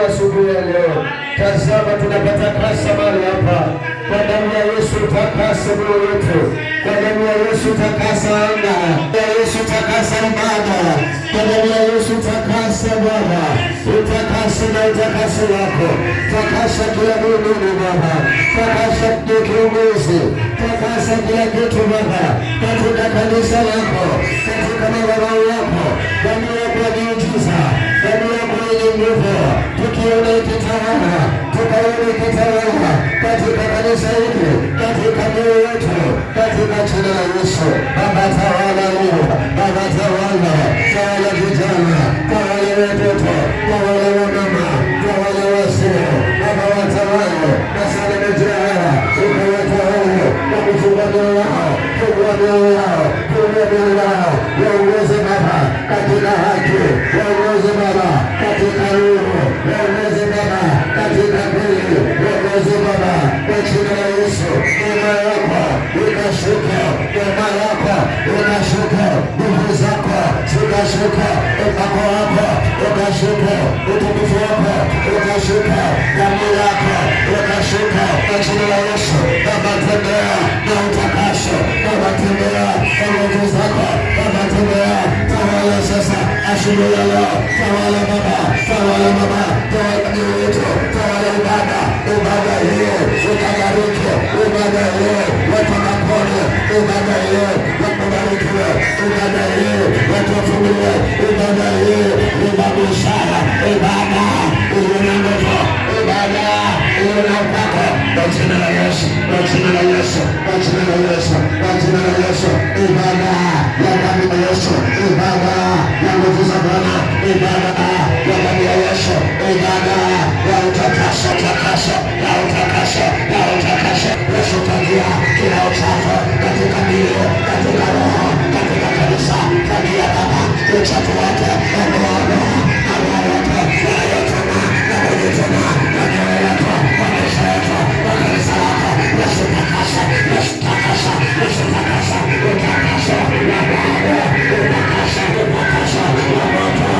Bwana asubuhi ya leo. Tazama, tunapata kasa mali hapa kwa damu ya Yesu, takasa mioyo yetu kwa damu ya Yesu, takasa anga ya Yesu, takasa ibada kwa damu ya Yesu, takasa Baba, utakase na utakase wako, takasa kila muumini Baba, takasa kila kiongozi, takasa kila kitu Baba, katika kanisa lako, katika madhabahu yako, damu yako ya miujiza jamii yangu yenye nguvu, tukiona ikitawala, tukaona ikitawala katika kanisa hili, katika mioyo yetu, katika jina la Yesu tawala baba, tawala baba, tawala juu yetu, tawala ibada, ibada hiyo itabariki, ibada hiyo watu wapone, ibada hiyo wakubarikiwe, ibada hiyo watu wafunguliwe, ibada hiyo iba busara, ibada iwe na nguvu, ibada iwe na upako kwa jina la Yesu, kwa jina la Yesu, kwa jina la Yesu, kwa jina la Yesu, ibada ya damu ya Yesu, ibada ya nguvu ibada ya damu ibada ya utakaso, utakaso na utakaso na utakaso. Yesu tangia kila uchafu katika mioyo, katika roho, katika kanisa, tangia Baba uchafu wote, ondoa hawa wote, na kujituma na mioyo yetu, kwa maisha yetu, kwa kanisa lako. Yesu takasa, Yesu takasa, Yesu takasa, utakaso wa Baba, utakaso, utakaso wa moto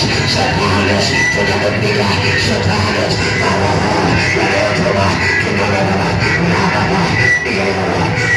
ss د ss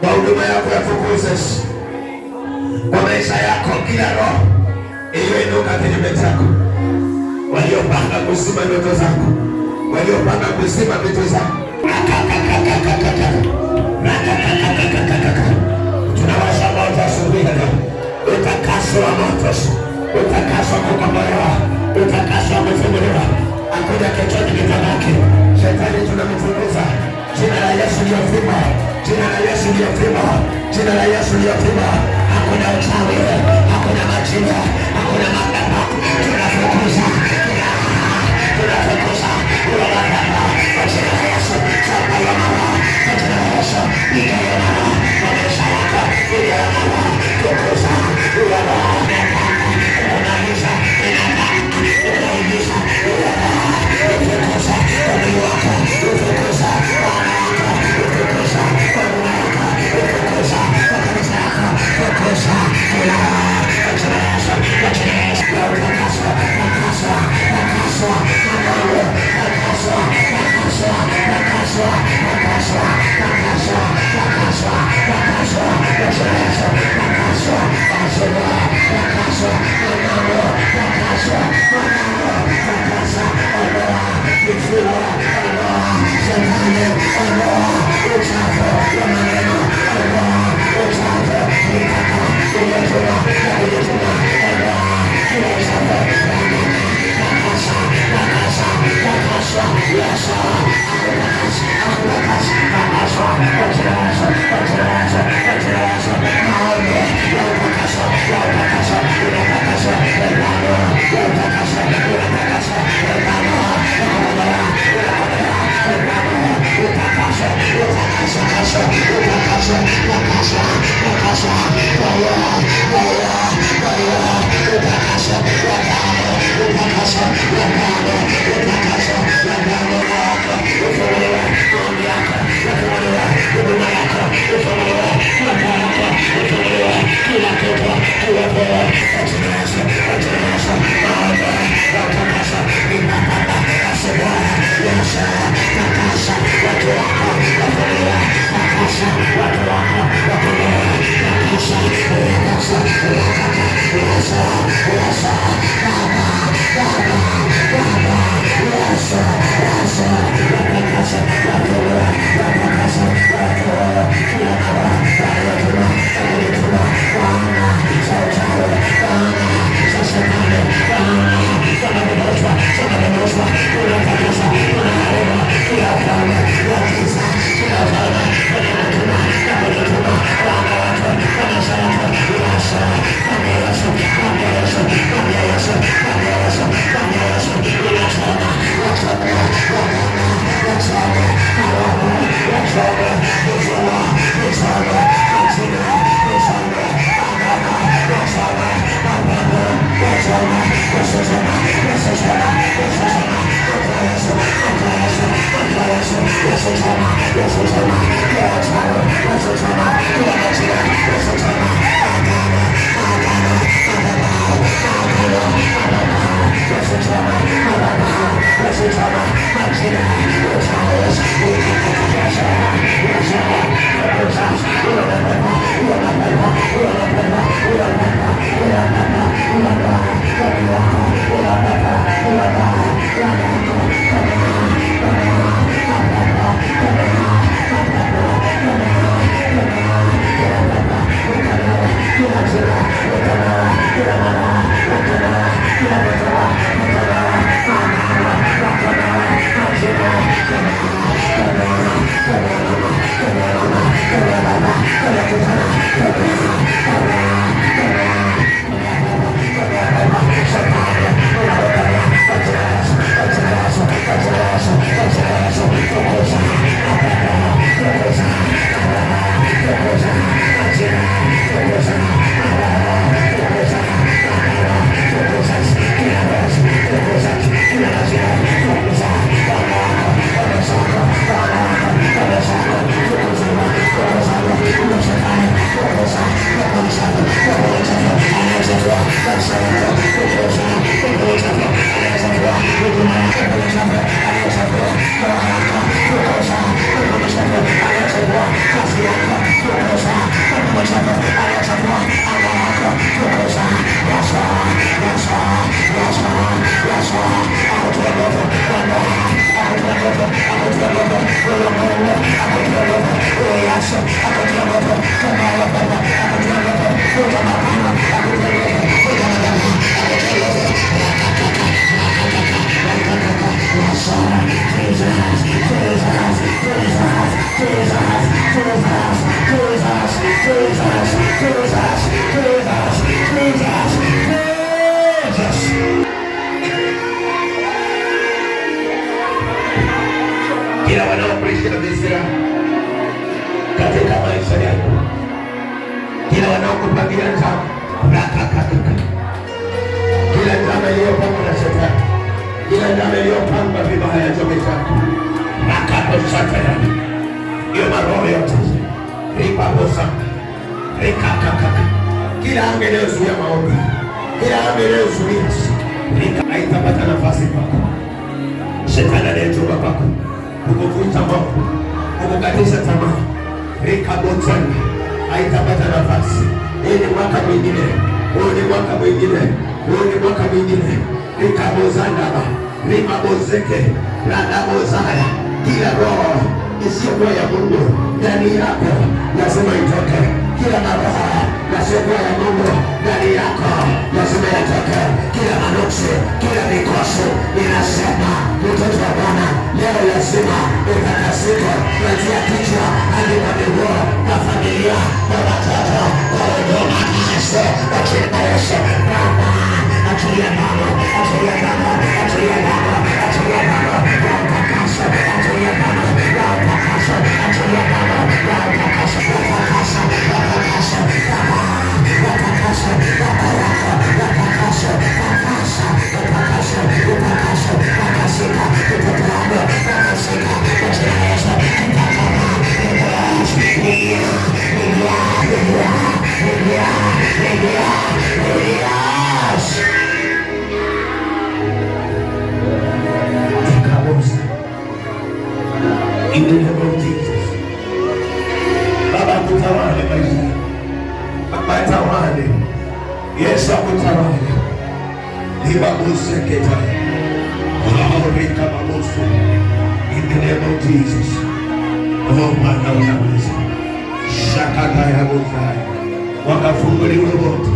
kwa huduma yako ya kwa maisha yako, kila roho iliyoinuka kinyume chako, waliopanga kuzima ndoto zako, waliopanga kuzima vitu zako, tunawasha utakaswa wa moto, utakaswa kukombolewa, utakaswa kufunguliwa, akuja kichwani kitabaki shetani tunamfunguza jina la Yesu liofuma Jina la Yesu ndiyo pima, jina la Yesu ndiyo pima. Hakuna uchawi, hakuna majina, hakuna madhara, tunafukuza Thank you. Yeah. Trouble. Jesus, Jesus, Jesus, Jesus. Kila wanaoishi na visira katika maisha yako, kila wanaokupangia njama na kakakaka, kila njama iliyopangwa na shetani, kila njama iliyopangwa vibaya chombo chako na kato shatani, hiyo maroho yote ripabosa likakakaka kila anga inayozuia maombi, kila anga inayozuia haitapata nafasi kwako. Shetani anayetoka kwako kukuvuta moyo, kukukatisha tamaa, likabotana haitapata nafasi. Hii ni mwaka mwingine, huu ni mwaka mwingine, huu ni mwaka mwingine. Likabozanaba limabozeke ladabozaya, kila roho isiyokuwa ya Mungu ndani yako lazima itoke. Kila mabaya yasiyokuwa ya Mungu ndani yako lazima yatoke. Kila manuksi, kila mikosi inasema mtoto wa Bwana leo lazima utakasike, kuanzia kichwa hadi kwa miguu, familia, kwa watoto, kwa huduma, kasi kwa Yesu. Baba, achilia mama, achilia mama, achilia mama, achilia mama, na utakase, achilia mama, na utakase, achilia mama, na utakase, utakase, utakase watakasha na baraka, watakasha na uhai, wakafunguliwe wote,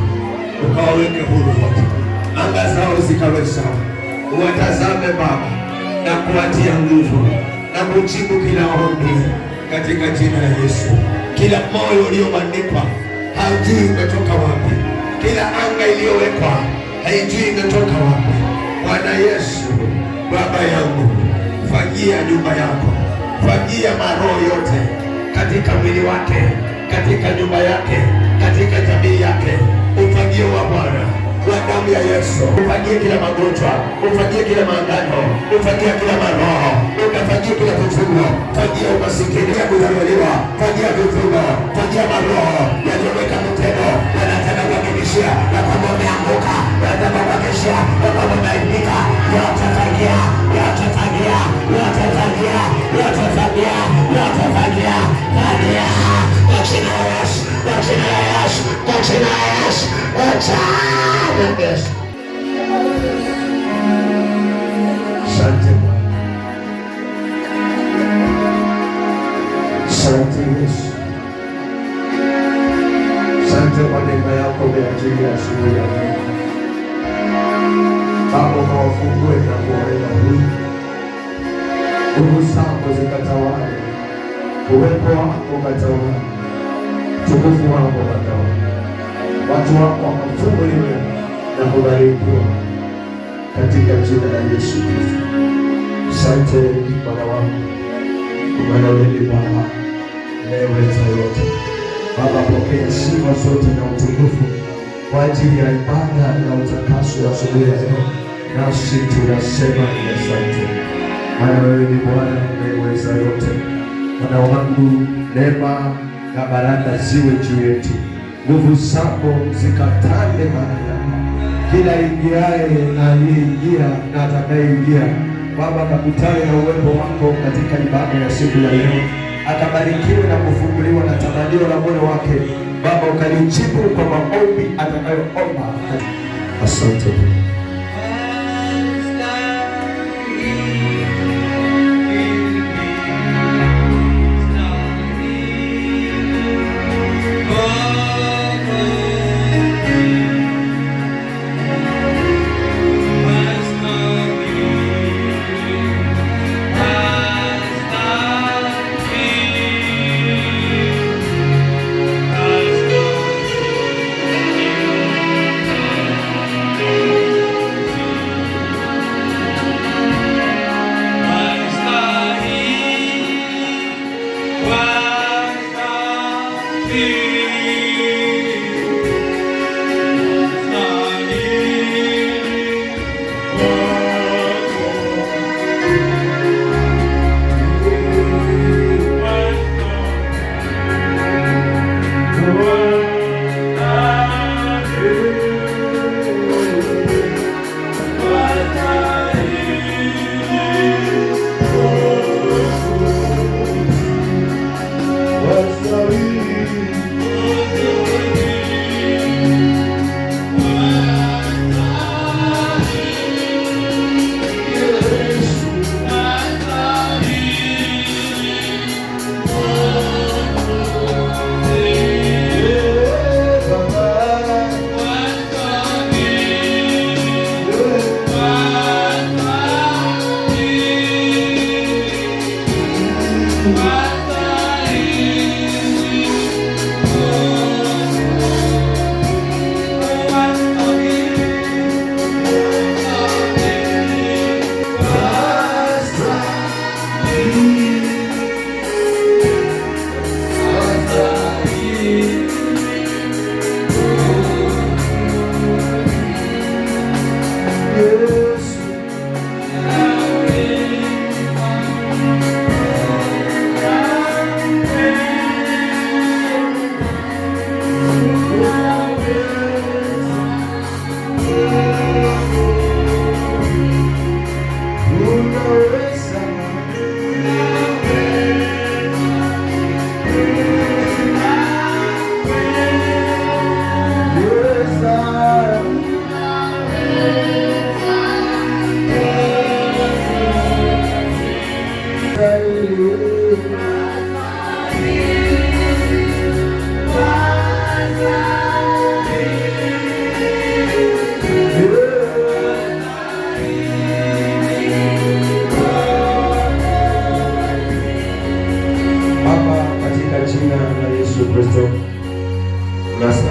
ukawaweke huru wote, anga zao zikawe sawa. Uwatazame Baba na kuwatia nguvu na kujibu kila ombi katika jina la Yesu. Kila moyo uliobandikwa haujui umetoka wapi, kila anga iliyowekwa haijui imetoka wapi. Bwana Yesu, Baba yangu, fagia nyumba yako, fagia maroho yote katika mwili wake katika nyumba yake, katika jamii yake. Ufagie wa Bwana wa damu ya Yesu, ufagie kila magonjwa, ufagie kila maangano, ufagie kila maroho, ukafagie kila vifungo, fagia umasikini ya kuzaliwa, fagia vifungo, fagia maroho yaliyoweka mtego kuhakikishia ya kwamba umeanguka, nataka kuhakikishia ya kwamba umeimbika. Yote tangia, yote tangia, yote tangia, yote tangia, yote tangia, tangia. Jina la Yesu, kwa jina la Yesu, kwa jina la Yesu, kwa jina la Yesu. Asante Bwana, asante Yesu. Asante kwa neema yako ajili ya siku ya leo. Baba, kawafungue na kuwaenda huyu nguvu zako zikatawale, uwepo wako katawale, tukufu wako katawale, watu wako wakafunguliwe na kubarikiwa katika jina la Yesu Kristo. Asante Bwana wangu, umanaulili Baba inayeweza yote Baba, pokea sifa zote na utukufu kwa ajili ya ibada na utakaso wa asubuhi ya leo, nasi tunasema ni asante, maana wewe ni Bwana unayeweza yote. Bwana wangu, neema na baraka ziwe juu yetu, nguvu zako zikatande mahali ya kila ingiaye na aliyeingia na atakayeingia Baba, kakutane na uwepo wako katika ibada ya siku ya leo atabarikiwa na kufunguliwa na tamanio la moyo wake. Baba, ukalijibu kwa maombi atakayoomba. Asante.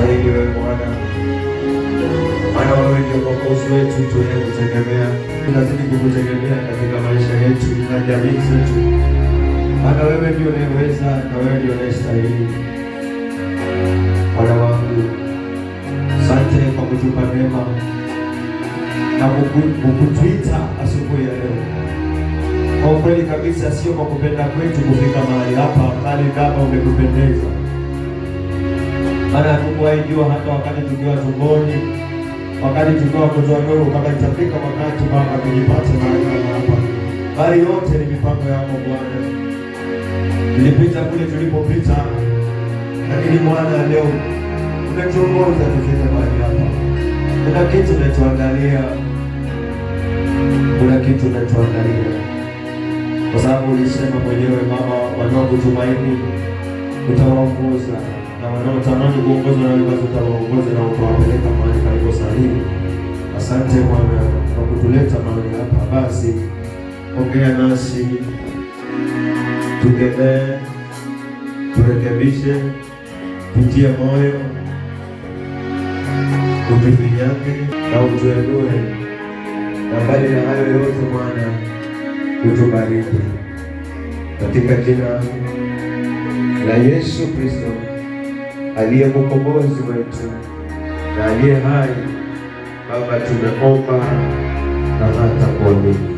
unastahili wewe Bwana, maana wewe ndio mwokozi wetu tunayekutegemea, tunazidi kukutegemea katika maisha yetu na jamii zetu, maana wewe ndio unayeweza na wewe ndio unayestahili. Bwana wangu, asante kwa kutupa neema na kukutwita asubuhi ya leo. Kwa ukweli kabisa, sio kwa kupenda kwetu kufika mahali hapa, bali kama umekupendeza maana hatukuwaijua hata wakati tukiwa tumboni, wakati tukiwa watoto wadogo, kama itafika wakati Baba tujipate mahali hapa, bali yote ni mipango yako Bwana. Tulipita kule tulipopita, lakini Bwana leo umetuongoza tufike mahali hapa. Kuna kitu umetuandalia, kuna kitu umetuandalia, kwa sababu ulisema mwenyewe, mama wanaokutumaini utawaongoza wanaotamani kuongozwa na wewe, utawaongoze na utawapeleka mahali palipo sahihi. Asante Bwana kwa kutuleta mahali hapa, basi ongea nasi, tukemee, turekebishe, tutie moyo, utufinyake na utuendue, na mbali na hayo yote Bwana utubariki katika jina la Yesu Kristo aliye mkombozi wetu na aliye hai. Baba, tumeomba na hata kuamini.